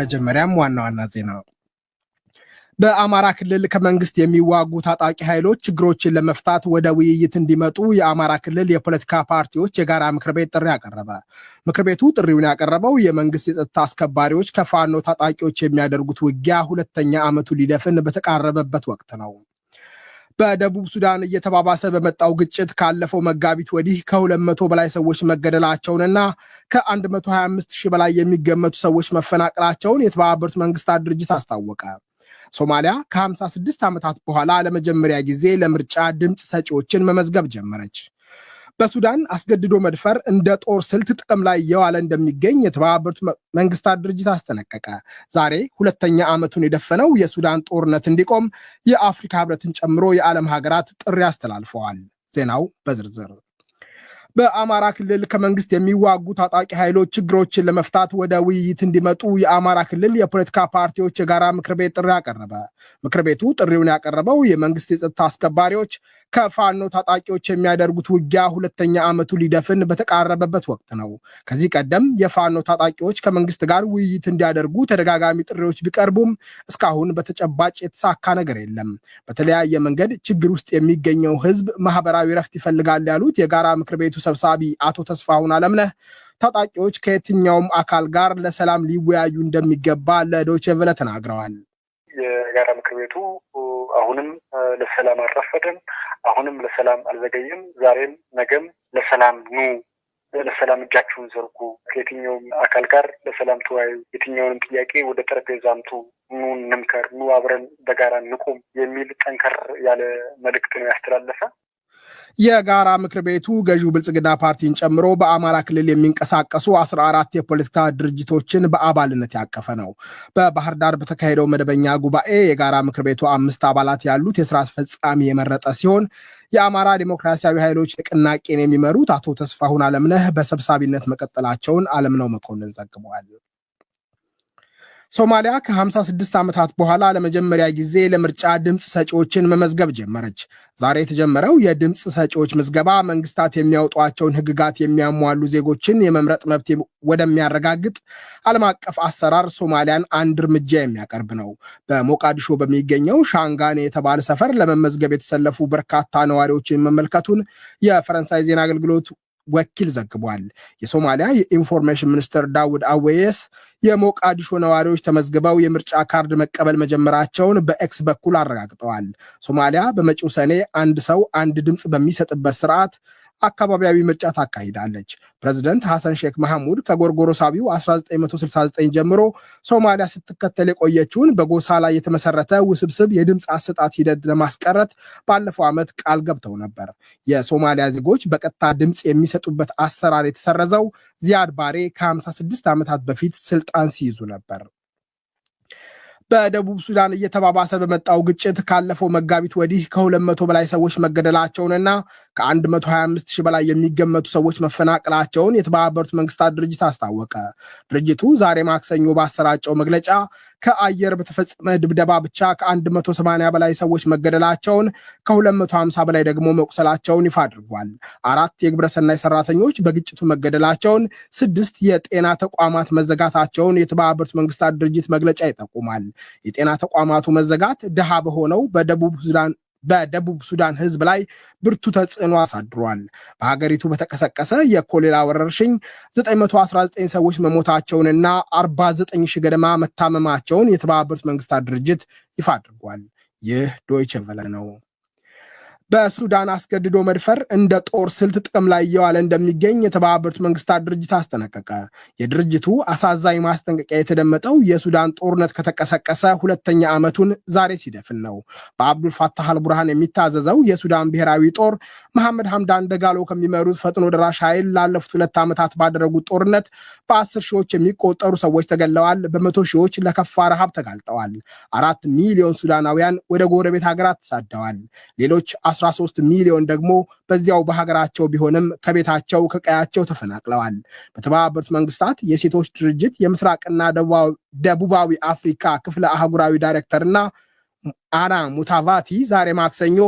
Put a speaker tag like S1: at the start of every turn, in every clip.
S1: መጀመሪያም ዋና ዋና ዜና በአማራ ክልል ከመንግስት የሚዋጉ ታጣቂ ኃይሎች ችግሮችን ለመፍታት ወደ ውይይት እንዲመጡ የአማራ ክልል የፖለቲካ ፓርቲዎች የጋራ ምክር ቤት ጥሪ አቀረበ። ምክር ቤቱ ጥሪውን ያቀረበው የመንግስት የጸጥታ አስከባሪዎች ከፋኖ ታጣቂዎች የሚያደርጉት ውጊያ ሁለተኛ ዓመቱ ሊደፍን በተቃረበበት ወቅት ነው። በደቡብ ሱዳን እየተባባሰ በመጣው ግጭት ካለፈው መጋቢት ወዲህ ከ መቶ በላይ ሰዎች መገደላቸውንና ከ125 ሺህ በላይ የሚገመቱ ሰዎች መፈናቀላቸውን የተባበሩት መንግስታት ድርጅት አስታወቀ። ሶማሊያ ከ56 ዓመታት በኋላ ለመጀመሪያ ጊዜ ለምርጫ ድምፅ ሰጪዎችን መመዝገብ ጀመረች። በሱዳን አስገድዶ መድፈር እንደ ጦር ስልት ጥቅም ላይ የዋለ እንደሚገኝ የተባበሩት መንግስታት ድርጅት አስጠነቀቀ። ዛሬ ሁለተኛ ዓመቱን የደፈነው የሱዳን ጦርነት እንዲቆም የአፍሪካ ህብረትን ጨምሮ የዓለም ሀገራት ጥሪ አስተላልፈዋል። ዜናው በዝርዝር በአማራ ክልል ከመንግስት የሚዋጉ ታጣቂ ኃይሎች ችግሮችን ለመፍታት ወደ ውይይት እንዲመጡ የአማራ ክልል የፖለቲካ ፓርቲዎች የጋራ ምክር ቤት ጥሪ አቀረበ። ምክር ቤቱ ጥሪውን ያቀረበው የመንግስት የጸጥታ አስከባሪዎች ከፋኖ ታጣቂዎች የሚያደርጉት ውጊያ ሁለተኛ ዓመቱ ሊደፍን በተቃረበበት ወቅት ነው። ከዚህ ቀደም የፋኖ ታጣቂዎች ከመንግስት ጋር ውይይት እንዲያደርጉ ተደጋጋሚ ጥሪዎች ቢቀርቡም እስካሁን በተጨባጭ የተሳካ ነገር የለም። በተለያየ መንገድ ችግር ውስጥ የሚገኘው ህዝብ ማህበራዊ ረፍት ይፈልጋል ያሉት የጋራ ምክር ቤቱ ሰብሳቢ አቶ ተስፋሁን አለምነህ ታጣቂዎች ከየትኛውም አካል ጋር ለሰላም ሊወያዩ እንደሚገባ ለዶቼ ቬለ ተናግረዋል።
S2: የጋራ ምክር ቤቱ አሁንም ለሰላም አልረፈደም፣ አሁንም ለሰላም አልዘገየም። ዛሬም ነገም ለሰላም ኑ፣ ለሰላም እጃችሁን ዘርጉ፣ ከየትኛውም አካል ጋር ለሰላም ተወያዩ፣ የትኛውንም ጥያቄ ወደ ጠረጴዛ አምጡ፣ ኑ እንምከር፣ ኑ አብረን በጋራ እንቁም የሚል ጠንከር ያለ መልእክት ነው ያስተላለፈ።
S1: የጋራ ምክር ቤቱ ገዢው ብልጽግና ፓርቲን ጨምሮ በአማራ ክልል የሚንቀሳቀሱ 14 የፖለቲካ ድርጅቶችን በአባልነት ያቀፈ ነው። በባህር ዳር በተካሄደው መደበኛ ጉባኤ የጋራ ምክር ቤቱ አምስት አባላት ያሉት የስራ አስፈጻሚ የመረጠ ሲሆን የአማራ ዲሞክራሲያዊ ኃይሎች ንቅናቄን የሚመሩት አቶ ተስፋሁን አለምነህ በሰብሳቢነት መቀጠላቸውን አለምነው መኮንን ዘግበዋል። ሶማሊያ ከ56 ዓመታት በኋላ ለመጀመሪያ ጊዜ ለምርጫ ድምፅ ሰጪዎችን መመዝገብ ጀመረች። ዛሬ የተጀመረው የድምፅ ሰጪዎች ምዝገባ መንግስታት የሚያወጧቸውን ሕግጋት የሚያሟሉ ዜጎችን የመምረጥ መብት ወደሚያረጋግጥ ዓለም አቀፍ አሰራር ሶማሊያን አንድ እርምጃ የሚያቀርብ ነው። በሞቃዲሾ በሚገኘው ሻንጋኔ የተባለ ሰፈር ለመመዝገብ የተሰለፉ በርካታ ነዋሪዎችን መመልከቱን የፈረንሳይ ዜና አገልግሎት ወኪል ዘግቧል። የሶማሊያ የኢንፎርሜሽን ሚኒስትር ዳውድ አዌየስ የሞቃዲሾ ነዋሪዎች ተመዝግበው የምርጫ ካርድ መቀበል መጀመራቸውን በኤክስ በኩል አረጋግጠዋል። ሶማሊያ በመጪው ሰኔ አንድ ሰው አንድ ድምፅ በሚሰጥበት ስርዓት አካባቢያዊ ምርጫ ታካሂዳለች። ፕሬዚደንት ሐሰን ሼክ መሐሙድ ከጎርጎሮሳቢው 1969 ጀምሮ ሶማሊያ ስትከተል የቆየችውን በጎሳ ላይ የተመሰረተ ውስብስብ የድምፅ አሰጣት ሂደት ለማስቀረት ባለፈው ዓመት ቃል ገብተው ነበር። የሶማሊያ ዜጎች በቀጥታ ድምፅ የሚሰጡበት አሰራር የተሰረዘው ዚያድ ባሬ ከ56 ዓመታት በፊት ስልጣን ሲይዙ ነበር። በደቡብ ሱዳን እየተባባሰ በመጣው ግጭት ካለፈው መጋቢት ወዲህ ከሁለት መቶ በላይ ሰዎች መገደላቸውንና ከ125 ሺህ በላይ የሚገመቱ ሰዎች መፈናቀላቸውን የተባበሩት መንግስታት ድርጅት አስታወቀ። ድርጅቱ ዛሬ ማክሰኞ ባሰራጨው መግለጫ ከአየር በተፈጸመ ድብደባ ብቻ ከ180 በላይ ሰዎች መገደላቸውን ከ250 በላይ ደግሞ መቁሰላቸውን ይፋ አድርጓል። አራት የግብረሰናይ ሰራተኞች በግጭቱ መገደላቸውን፣ ስድስት የጤና ተቋማት መዘጋታቸውን የተባበሩት መንግስታት ድርጅት መግለጫ ይጠቁማል። የጤና ተቋማቱ መዘጋት ድሃ በሆነው በደቡብ ሱዳን በደቡብ ሱዳን ህዝብ ላይ ብርቱ ተጽዕኖ አሳድሯል። በሀገሪቱ በተቀሰቀሰ የኮሌራ ወረርሽኝ 919 ሰዎች መሞታቸውንና 49 ሺ ገደማ መታመማቸውን የተባበሩት መንግስታት ድርጅት ይፋ አድርጓል። ይህ ዶይቸ ቨለ ነው። በሱዳን አስገድዶ መድፈር እንደ ጦር ስልት ጥቅም ላይ እየዋለ እንደሚገኝ የተባበሩት መንግስታት ድርጅት አስጠነቀቀ። የድርጅቱ አሳዛኝ ማስጠንቀቂያ የተደመጠው የሱዳን ጦርነት ከተቀሰቀሰ ሁለተኛ ዓመቱን ዛሬ ሲደፍን ነው። በአብዱል አልቡርሃን የሚታዘዘው የሱዳን ብሔራዊ ጦር መሐመድ ሐምዳን ደጋሎ ከሚመሩት ፈጥኖ ደራሽ ኃይል ላለፉት ሁለት ዓመታት ባደረጉት ጦርነት በአስር ሺዎች የሚቆጠሩ ሰዎች ተገለዋል። በመቶ ሺዎች ለከፋ ረሃብ ተጋልጠዋል። አራት ሚሊዮን ሱዳናውያን ወደ ጎረቤት ሀገራት ተሳደዋል። ሌሎች 13 ሚሊዮን ደግሞ በዚያው በሀገራቸው ቢሆንም ከቤታቸው ከቀያቸው ተፈናቅለዋል። በተባበሩት መንግስታት የሴቶች ድርጅት የምስራቅና ደቡባዊ አፍሪካ ክፍለ አህጉራዊ ዳይሬክተርና አና ሙታቫቲ ዛሬ ማክሰኞ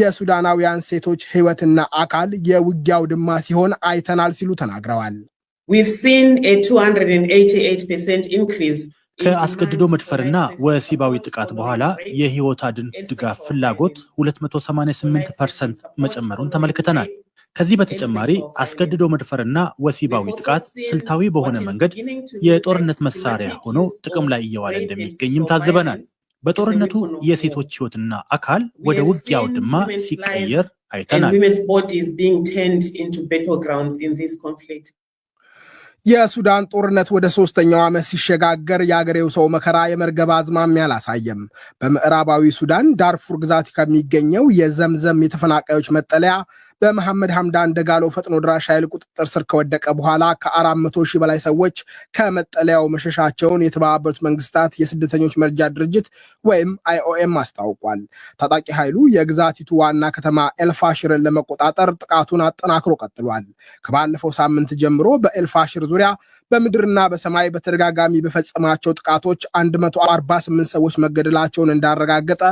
S1: የሱዳናውያን ሴቶች ሕይወትና አካል የውጊያው ድማ ሲሆን አይተናል ሲሉ ተናግረዋል። ከአስገድዶ መድፈርና ወሲባዊ ጥቃት በኋላ የህይወት አድን ድጋፍ ፍላጎት 288 ፐርሰንት መጨመሩን ተመልክተናል። ከዚህ በተጨማሪ አስገድዶ መድፈርና ወሲባዊ ጥቃት ስልታዊ በሆነ መንገድ የጦርነት መሳሪያ ሆኖ ጥቅም ላይ እየዋለ እንደሚገኝም ታዝበናል። በጦርነቱ የሴቶች ህይወትና አካል ወደ ውጊያው ድማ ሲቀየር አይተናል። የሱዳን ጦርነት ወደ ሶስተኛው ዓመት ሲሸጋገር የአገሬው ሰው መከራ የመርገብ አዝማሚያ አላሳየም። በምዕራባዊ ሱዳን ዳርፉር ግዛት ከሚገኘው የዘምዘም የተፈናቃዮች መጠለያ በመሐመድ ሐምዳን ደጋሎ ፈጥኖ ድራሽ ኃይል ቁጥጥር ስር ከወደቀ በኋላ ከአራት መቶ ሺህ በላይ ሰዎች ከመጠለያው መሸሻቸውን የተባበሩት መንግስታት የስደተኞች መርጃ ድርጅት ወይም አይኦኤም አስታውቋል። ታጣቂ ኃይሉ የግዛቲቱ ዋና ከተማ ኤልፋሽርን ለመቆጣጠር ጥቃቱን አጠናክሮ ቀጥሏል። ከባለፈው ሳምንት ጀምሮ በኤልፋሽር ዙሪያ በምድርና በሰማይ በተደጋጋሚ በፈጸማቸው ጥቃቶች 148 ሰዎች መገደላቸውን እንዳረጋገጠ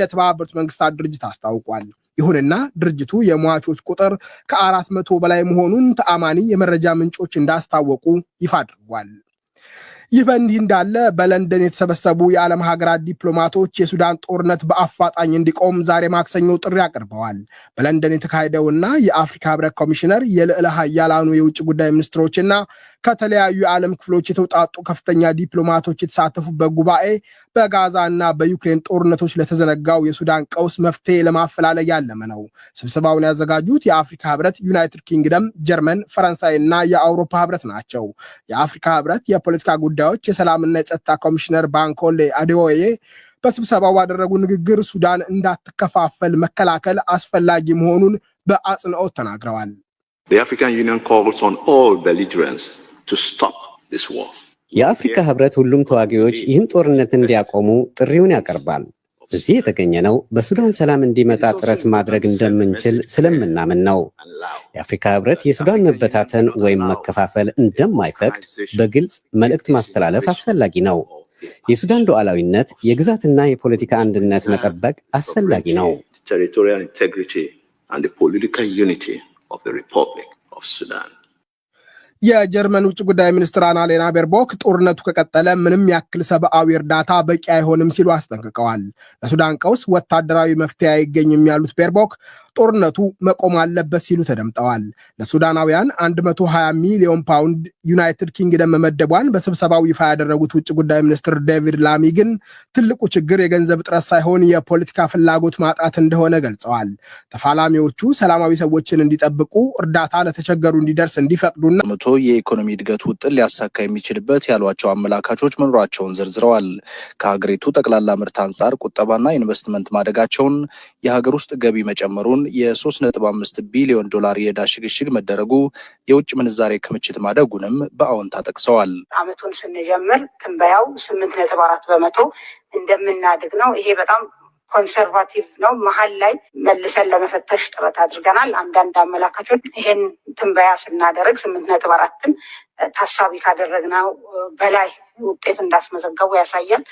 S1: የተባበሩት መንግስታት ድርጅት አስታውቋል። ይሁንና ድርጅቱ የሟቾች ቁጥር ከአራት መቶ በላይ መሆኑን ተአማኒ የመረጃ ምንጮች እንዳስታወቁ ይፋ አድርጓል። ይህ በእንዲህ እንዳለ በለንደን የተሰበሰቡ የዓለም ሀገራት ዲፕሎማቶች የሱዳን ጦርነት በአፋጣኝ እንዲቆም ዛሬ ማክሰኞ ጥሪ አቅርበዋል። በለንደን የተካሄደውና የአፍሪካ ህብረት ኮሚሽነር የልዕለ ሀያላኑ የውጭ ጉዳይ ሚኒስትሮችና ከተለያዩ የዓለም ክፍሎች የተውጣጡ ከፍተኛ ዲፕሎማቶች የተሳተፉበት ጉባኤ በጋዛ እና በዩክሬን ጦርነቶች ለተዘነጋው የሱዳን ቀውስ መፍትሄ ለማፈላለግ ያለመ ነው። ስብሰባውን ያዘጋጁት የአፍሪካ ህብረት፣ ዩናይትድ ኪንግደም፣ ጀርመን፣ ፈረንሳይ እና የአውሮፓ ህብረት ናቸው። የአፍሪካ ህብረት የፖለቲካ ጉዳዮች የሰላምና የጸጥታ ኮሚሽነር ባንኮሌ አዴዎዬ በስብሰባው ባደረጉ ንግግር ሱዳን እንዳትከፋፈል መከላከል አስፈላጊ መሆኑን በአጽንኦት ተናግረዋል።
S3: The African Union calls on all belligerents
S1: የአፍሪካ ህብረት ሁሉም ተዋጊዎች ይህን ጦርነት እንዲያቆሙ ጥሪውን ያቀርባል። እዚህ የተገኘ ነው በሱዳን ሰላም እንዲመጣ ጥረት ማድረግ እንደምንችል ስለምናምን ነው። የአፍሪካ ህብረት የሱዳን መበታተን ወይም መከፋፈል እንደማይፈቅድ በግልጽ መልእክት ማስተላለፍ አስፈላጊ ነው። የሱዳን ሉዓላዊነት፣ የግዛትና የፖለቲካ አንድነት መጠበቅ አስፈላጊ ነው።
S3: ቴሪቶሪያል ኢንቴግሪቲ ዩኒቲ ሪፐብሊክ ኦፍ ሱዳን
S1: የጀርመን ውጭ ጉዳይ ሚኒስትር አናሌና ቤርቦክ ጦርነቱ ከቀጠለ ምንም ያክል ሰብአዊ እርዳታ በቂ አይሆንም ሲሉ አስጠንቅቀዋል። ለሱዳን ቀውስ ወታደራዊ መፍትሄ አይገኝም ያሉት ቤርቦክ ጦርነቱ መቆም አለበት ሲሉ ተደምጠዋል። ለሱዳናውያን 120 ሚሊዮን ፓውንድ ዩናይትድ ኪንግደም መመደቧን በስብሰባው ይፋ ያደረጉት ውጭ ጉዳይ ሚኒስትር ዴቪድ ላሚ ግን ትልቁ ችግር የገንዘብ እጥረት ሳይሆን የፖለቲካ ፍላጎት ማጣት እንደሆነ ገልጸዋል። ተፋላሚዎቹ ሰላማዊ ሰዎችን እንዲጠብቁ፣ እርዳታ ለተቸገሩ እንዲደርስ እንዲፈቅዱና
S4: መቶ የኢኮኖሚ እድገት ውጥን ሊያሳካ የሚችልበት ያሏቸው አመላካቾች መኖራቸውን ዘርዝረዋል። ከሀገሪቱ ጠቅላላ ምርት አንጻር ቁጠባና ኢንቨስትመንት ማደጋቸውን፣ የሀገር ውስጥ ገቢ መጨመሩን ሲሆን የ3.5 ቢሊዮን ዶላር የዕዳ ሽግሽግ መደረጉ የውጭ ምንዛሬ ክምችት ማደጉንም በአዎንታ ጠቅሰዋል።
S5: አመቱን ስንጀምር ትንበያው 8.4 በመቶ እንደምናድግ ነው። ይሄ በጣም ኮንሰርቫቲቭ ነው። መሀል ላይ መልሰን ለመፈተሽ ጥረት አድርገናል። አንዳንድ አመላካቾች ይህን ትንበያ ስናደርግ ስምንት ነጥብ አራትን ታሳቢ ካደረግነው በላይ ውጤት እንዳስመዘገቡ ያሳያል።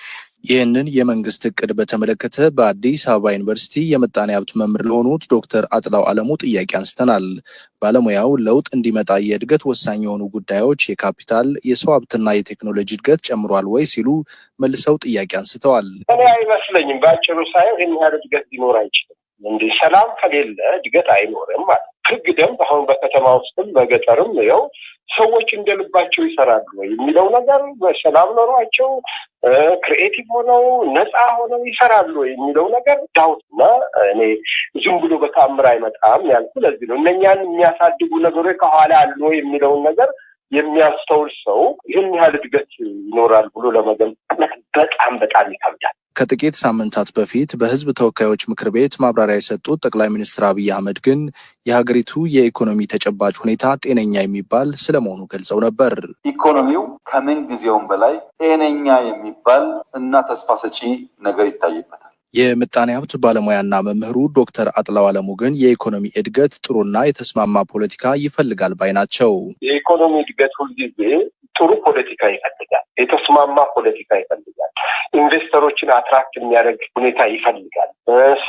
S4: ይህንን የመንግስት እቅድ በተመለከተ በአዲስ አበባ ዩኒቨርሲቲ የምጣኔ ሀብት መምህር ለሆኑት ዶክተር አጥላው አለሙ ጥያቄ አንስተናል። ባለሙያው ለውጥ እንዲመጣ የእድገት ወሳኝ የሆኑ ጉዳዮች የካፒታል፣ የሰው ሀብትና የቴክኖሎጂ እድገት ጨምሯል ወይ ሲሉ መልሰው ጥያቄ አንስተዋል።
S6: እኔ አይመስለኝም። በአጭሩ ሳየው ይህን ያህል እድገት ሊኖር አይችልም። እንደ ሰላም ከሌለ እድገት አይኖርም ማለት ህግ ደንብ አሁን በከተማ ውስጥም በገጠርም ው ሰዎች እንደልባቸው ይሰራሉ ወይ የሚለው ነገር በሰላም ኖሯቸው ክሪኤቲቭ ሆነው ነፃ ሆነው ይሰራሉ ወይ የሚለው ነገር ዳውት እና እኔ ዝም ብሎ በተአምር አይመጣም ያልኩ ለዚህ ነው። እነኛን የሚያሳድጉ ነገሮች ከኋላ አሉ የሚለውን ነገር የሚያስተውል ሰው ይህን ያህል እድገት ይኖራል ብሎ ለመገመት በጣም በጣም ይከብዳል።
S4: ከጥቂት ሳምንታት በፊት በህዝብ ተወካዮች ምክር ቤት ማብራሪያ የሰጡት ጠቅላይ ሚኒስትር አብይ አህመድ ግን የሀገሪቱ የኢኮኖሚ ተጨባጭ ሁኔታ ጤነኛ የሚባል ስለመሆኑ ገልጸው ነበር።
S7: ኢኮኖሚው ከምን ጊዜውም በላይ ጤነኛ የሚባል እና ተስፋ ሰጪ ነገር ይታይበታል።
S4: የምጣኔ ሀብት ባለሙያና መምህሩ ዶክተር አጥላው አለሙ ግን የኢኮኖሚ እድገት ጥሩና የተስማማ ፖለቲካ ይፈልጋል ባይ ናቸው።
S6: የኢኮኖሚ እድገት ሁልጊዜ ጥሩ ፖለቲካ ይፈልጋል፣ የተስማማ ፖለቲካ ይፈልጋል፣ ኢንቨስተሮችን አትራክት የሚያደርግ ሁኔታ ይፈልጋል፣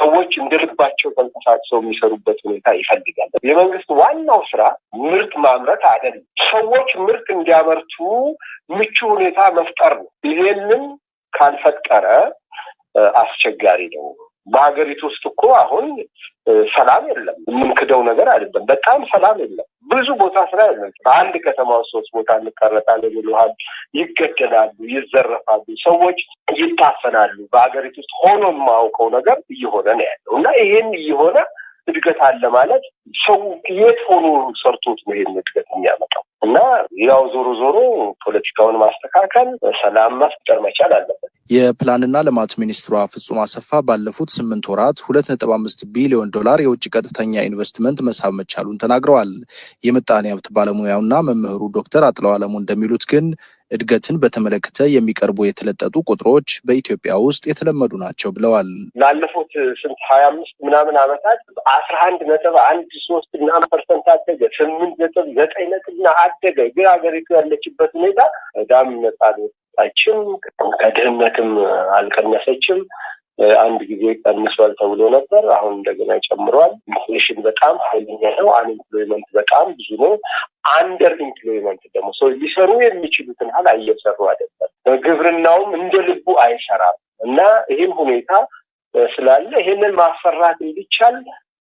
S6: ሰዎች እንደልባቸው ተንቀሳቅሰው የሚሰሩበት ሁኔታ ይፈልጋል። የመንግስት ዋናው ስራ ምርት ማምረት አይደለም፣ ሰዎች ምርት እንዲያመርቱ ምቹ ሁኔታ መፍጠር ነው። ይሄንን ካልፈጠረ አስቸጋሪ ነው። በሀገሪቱ ውስጥ እኮ አሁን ሰላም የለም። የምንክደው ነገር አይደለም። በጣም ሰላም የለም። ብዙ ቦታ ስራ የለም። በአንድ ከተማ ውስጥ ሶስት ቦታ እንቀረጣለን ይሉሃል። ይገደላሉ፣ ይዘረፋሉ፣ ሰዎች ይታፈናሉ። በሀገሪቱ ውስጥ ሆኖ የማውቀው ነገር እየሆነ ነው ያለው እና ይሄን እየሆነ እድገት አለ ማለት ሰው የት ሆኖ ሰርቶት ነው እድገት የሚያመጣው? እና ያው ዞሮ ዞሮ ፖለቲካውን ማስተካከል፣ ሰላም መፍጠር መቻል አለበት።
S4: የፕላንና ልማት ሚኒስትሯ ፍጹም አሰፋ ባለፉት ስምንት ወራት ሁለት ነጥብ አምስት ቢሊዮን ዶላር የውጭ ቀጥተኛ ኢንቨስትመንት መሳብ መቻሉን ተናግረዋል። የምጣኔ ሀብት ባለሙያውና መምህሩ ዶክተር አጥለው አለሙ እንደሚሉት ግን እድገትን በተመለከተ የሚቀርቡ የተለጠጡ ቁጥሮች በኢትዮጵያ ውስጥ የተለመዱ ናቸው ብለዋል።
S6: ላለፉት ስንት ሀያ አምስት ምናምን ዓመታት አስራ አንድ ነጥብ አንድ ሶስት ምናምን ፐርሰንት አደገ፣ ስምንት ነጥብ ዘጠኝ ነጥብ ና አደገ። ግን ሀገሪቱ ያለችበት ሁኔታ በጣም ነጻ አልወጣችም፣ ከድህነትም አልቀነሰችም። አንድ ጊዜ ቀንሷል ተብሎ ነበር። አሁን እንደገና ጨምሯል። ኢንፍሌሽን በጣም ኃይለኛ ነው። አንኤምፕሎይመንት በጣም ብዙ ነው። አንደር ኢምፕሎይመንት ደግሞ ሰው ሊሰሩ የሚችሉትን ያህል እየሰሩ አይደለም። በግብርናውም እንደ ልቡ አይሰራም እና ይህም ሁኔታ ስላለ ይህንን ማሰራት እንዲቻል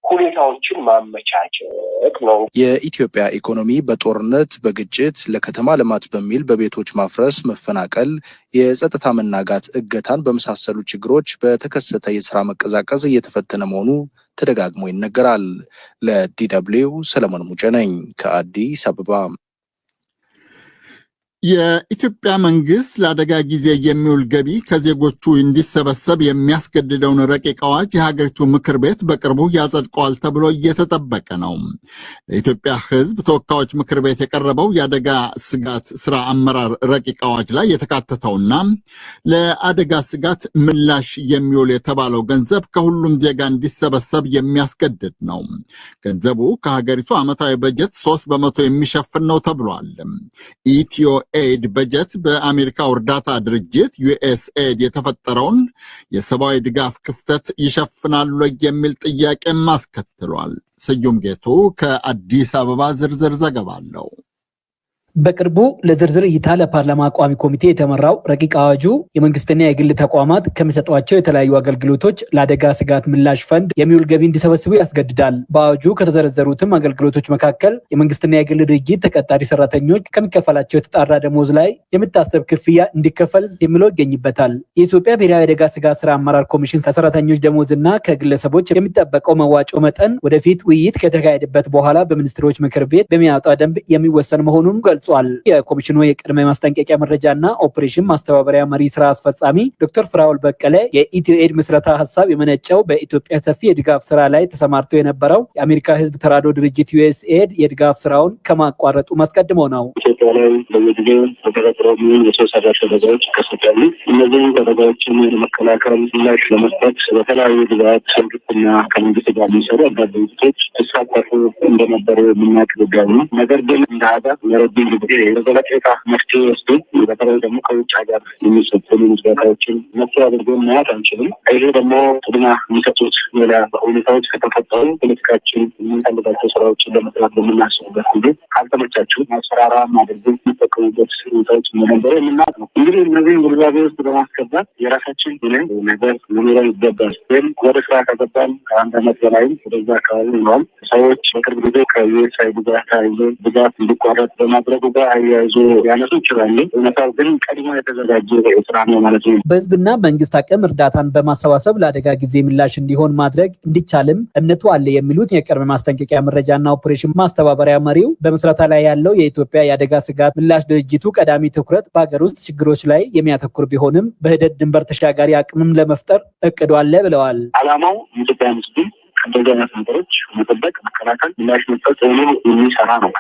S6: ሁኔታዎችን ማመቻቸት
S4: ነው። የኢትዮጵያ ኢኮኖሚ በጦርነት በግጭት ለከተማ ልማት በሚል በቤቶች ማፍረስ፣ መፈናቀል፣ የጸጥታ መናጋት፣ እገታን በመሳሰሉ ችግሮች በተከሰተ የስራ መቀዛቀዝ እየተፈተነ መሆኑ ተደጋግሞ ይነገራል። ለዲ ሰለሞን ሙጨ ነኝ ከአዲስ አበባ።
S1: የኢትዮጵያ መንግስት ለአደጋ ጊዜ የሚውል ገቢ ከዜጎቹ እንዲሰበሰብ የሚያስገድደውን ረቂቅ አዋጅ የሀገሪቱ ምክር ቤት በቅርቡ ያጸድቀዋል ተብሎ እየተጠበቀ ነው። ለኢትዮጵያ ሕዝብ ተወካዮች ምክር ቤት የቀረበው የአደጋ ስጋት ስራ አመራር ረቂቅ አዋጅ ላይ የተካተተውና ለአደጋ ስጋት ምላሽ የሚውል የተባለው ገንዘብ ከሁሉም ዜጋ እንዲሰበሰብ የሚያስገድድ ነው። ገንዘቡ ከሀገሪቱ ዓመታዊ በጀት ሶስት በመቶ የሚሸፍን ነው ተብሏል። ኢትዮ ኤድ በጀት በአሜሪካው እርዳታ ድርጅት ዩኤስኤድ የተፈጠረውን የሰብአዊ ድጋፍ ክፍተት ይሸፍናሉ የሚል ጥያቄም አስከትሏል። ስዩም ጌቱ ከአዲስ አበባ ዝርዝር ዘገባ አለው። በቅርቡ ለዝርዝር እይታ ለፓርላማ ቋሚ ኮሚቴ የተመራው ረቂቅ አዋጁ የመንግስትና የግል ተቋማት ከሚሰጧቸው የተለያዩ አገልግሎቶች ለአደጋ ስጋት ምላሽ ፈንድ የሚውል ገቢ እንዲሰበስቡ ያስገድዳል። በአዋጁ ከተዘረዘሩትም አገልግሎቶች መካከል የመንግስትና የግል ድርጅት ተቀጣሪ ሰራተኞች ከሚከፈላቸው የተጣራ ደሞዝ ላይ የሚታሰብ ክፍያ እንዲከፈል የሚለው ይገኝበታል። የኢትዮጵያ ብሔራዊ አደጋ ስጋት ስራ አመራር ኮሚሽን ከሰራተኞች ደሞዝ እና ከግለሰቦች የሚጠበቀው መዋጮ መጠን ወደፊት ውይይት ከተካሄደበት በኋላ በሚኒስትሮች ምክር ቤት በሚያወጣ ደንብ የሚወሰን መሆኑን ገልጿል። ገልጿል። የኮሚሽኑ የቅድመ ማስጠንቀቂያ መረጃና ኦፕሬሽን ማስተባበሪያ መሪ ስራ አስፈጻሚ ዶክተር ፍራውል በቀለ የኢትዮ ኤድ ምስረታ ሀሳብ የመነጨው በኢትዮጵያ ሰፊ የድጋፍ ስራ ላይ ተሰማርቶ የነበረው የአሜሪካ ህዝብ ተራድኦ ድርጅት ዩኤስኤድ የድጋፍ ስራውን ከማቋረጡ ማስቀድሞ ነው።
S8: በላይ በየጊዜው በተፈጥሮ ሚሆን የሰው ሰራሽ አደጋዎች ይከሰታሉ። እነዚህም አደጋዎችን ለመከላከል ምላሽ ለመስጠት በተለያዩ ግዛት መንግስትና ከመንግስት ጋር የሚሰሩ አጋር ድርጅቶች ሲሳተፉ እንደነበሩ የምናውቅ ጉዳይ ነው። ነገር ግን እንደ ሀገር ለረጅም ጊዜ በዘለቄታ መፍትሄ ወስዱ በተለይ ደግሞ ከውጭ ሀገር የሚሰጡን ምስረታዎችን መፍትሄ አድርጎ ማየት አንችልም። ይሄ ደግሞ ቅድማ የሚሰጡት ሌላ ሁኔታዎች ከተፈጠሩ ፖለቲካችን የምንፈልጋቸው ስራዎችን ለመስራት በምናስቡበት ጊዜ ካልተመቻችሁ ማስፈራራ ማድረግ ህዝብ ሲጠቀሙበት ሁኔታዎች እንደነበረ የምናውቅ ነው። እንግዲህ እነዚህን ግንዛቤ ውስጥ በማስገባት የራሳችን ብለን ነገር መኖረ ይገባል። ወይም ወደ ስራ ከገባን ከአንድ አመት በላይም ወደዛ አካባቢ ሆኗል። ሰዎች በቅርብ ጊዜ ከዩኤስአይዲ ጋር ተያይዞ ብዛት እንዲቋረጥ በማድረጉ ጋር አያይዞ ሊያነሱ ይችላሉ። እውነታው ግን ቀድሞ የተዘጋጀ ስራ ነው ማለት ነው። በህዝብና መንግስት አቅም እርዳታን በማሰባሰብ ለአደጋ ጊዜ ምላሽ እንዲሆን ማድረግ እንዲቻልም እምነቱ አለ የሚሉት የቅድመ ማስጠንቀቂያ መረጃና ኦፕሬሽን ማስተባበሪያ መሪው በመስረታ ላይ ያለው የኢትዮጵያ የአደጋ ስጋት ምላሽ ድርጅቱ ቀዳሚ ትኩረት በሀገር ውስጥ ችግሮች ላይ የሚያተኩር ቢሆንም በሂደት ድንበር ተሻጋሪ አቅምም ለመፍጠር እቅዱ አለ ብለዋል። አላማው የኢትዮጵያ ምስል ከእንደዚህ ነገሮች መጠበቅ፣ መከላከል፣ ምላሽ መስጠት የሚሰራ ነው።